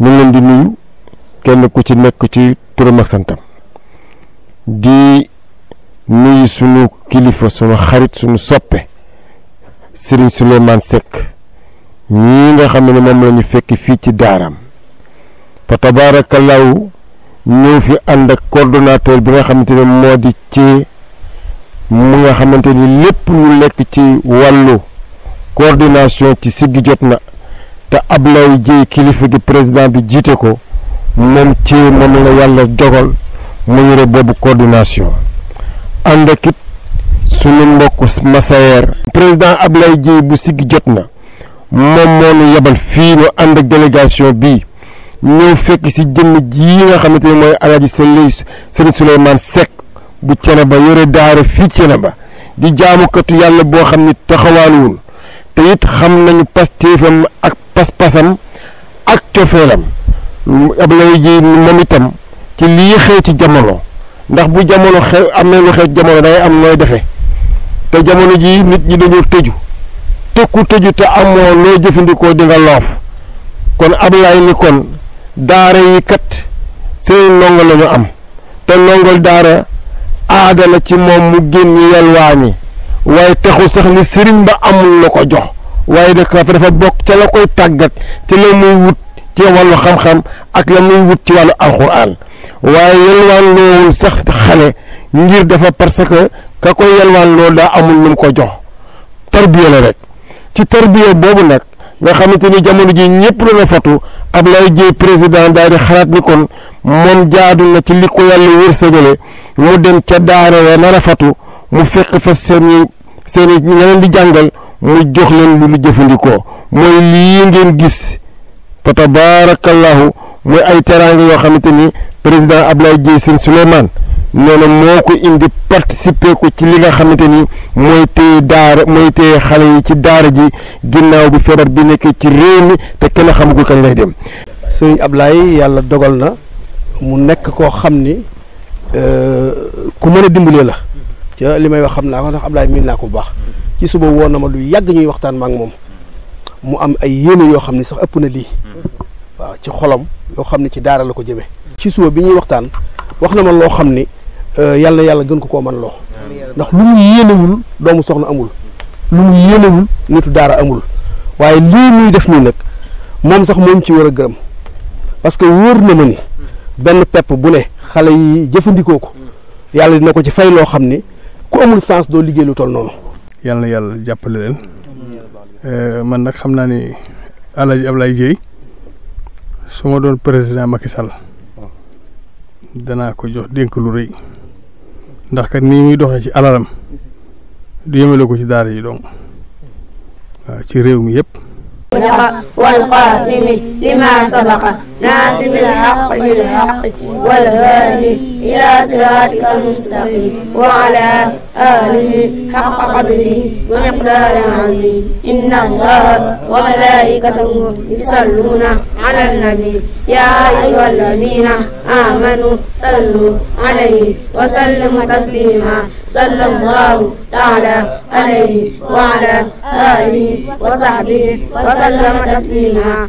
ñu ngi leen di nuyu kenn ku ci nekk ci turam ak di nuyu sunu kilifa sunu xarit sunu soppe Serigne Souleymane Seck ñii nga xam ne moom la fekk fii ci daaraam fa tabaarakallaahu ñëw fi ànd ak coordonnateur bi nga xamante ne moo di ci mu nga xamante ni lépp lu lekk ci wàllu coordination ci siggi jot na te Ablaye Dièye kilifa gi président bi jiite ko moom ci moom la yàlla dogal mu yore boobu coordination ànd ak it sunu mbokk Massaer. président Ablaye Dièye bu sigg jot na moom moo ñu yebal fii ñu ànd ak délégation bii ñëw fekk si jëmm ji nga xamante ne mooy alaaji Sëriñ Souleymane Seck bu cene ba yore daara fii cene ba di jaamukatu yàlla boo xam ni taxawaanuwul te it xam nañu pastéefam ak pas-pasam ak cofeelam Ablaye ji moom itam ci lii xeeti jamono ndax bu jamono xew amee lu xew jamono day am nooy defe te jamono ji nit ñi dañoo tëju te ku tëju te amoo loo jëfandikoo dinga nga loof kon Ablaye ni kon daara yi kat seen ndongo lañu am te ndongol daara aadala ci moom mu génn yelwaani waaye taxul sax ni sëriñ ba amul la ko jox waaye nag dafa dafa bokk ca la koy tàggat ca la muy wut ci wàllu xam-xam ak la muy wut ci wàllu alxuraan waaye yelwaan loowul sax xale ngir dafa parce que ka koy yelwaan loolu daa amul lu mu ko jox tarbiya la rek ci tarbiya boobu nag nga xamante ni jamono ji ñëpp dana fatu Ablaye Dieye président daal di xalaat ni kon moom jaadu na ci li ko yàlla wërsëgale mu dem ca daara ya nar a fatu mu fekk fa seen i seen ñeneen di jàngal mu jox leen lu ñu jëfandikoo mooy lii ngeen gis fa tabaarakallaahu mooy ay teraanga yoo xamante ni président Abdoulaye Dièye Sène Souleymane nee na moo ko indi participer ko ci li nga xamante ni mooy téye daara mooy téye xale yi ci daara ji ginnaaw bi feebar bi nekkee ci réew mi te kenn xamagul kañ lay dem. sëñ Ablaye yàlla dogal na mu nekk koo xam ni euh, ku mën a dimbalee la. ca li may wax xam naa ko ndax Ablaye miin naa ko bu baax. ci suba woon na ma lu yàgg ñuy waxtaan ma moom mu am ay yéene yoo xam ne sax ëpp na lii waaw ci xolam yoo xam ne ci daara la ko jëmee ci suba bi ñuy waxtaan wax na ma loo xam ne euh, yàlla yàlla gën ko ko man loo ndax lu mu yéenewul doomu soxna amul lu mu yéenewul nitu daara amul waaye lii muy def nii nag moom sax moom ci war a gërëm parce que wóor na ma ni benn pepp bu ne xale yi jëfandikoo ko yàlla dina ko ci fay loo xam ni ku amul sens doo liggéey lu toll noonu yàlla na yàlla jàppale leen eh, man nag xam naa ni El Hadj Ablaye Dieye su ma doon président Macky Sall danaa ko jox dénk lu rëy ndax kat nii muy doxee ci alalam du yemale ko ci daara yi donc waaw ci réew mi yëpp. والقاسم لما سبق ناصر الحق بالحق والهادي إلى صراطك المستقيم وعلى آله حق قدره ومقدار عظيم إن الله وملائكته يصلون على النبي يا أيها الذين آمنوا صلوا عليه وسلموا تسليما صلى الله تعالى عليه وعلى آله وصحبه وسلم تسليما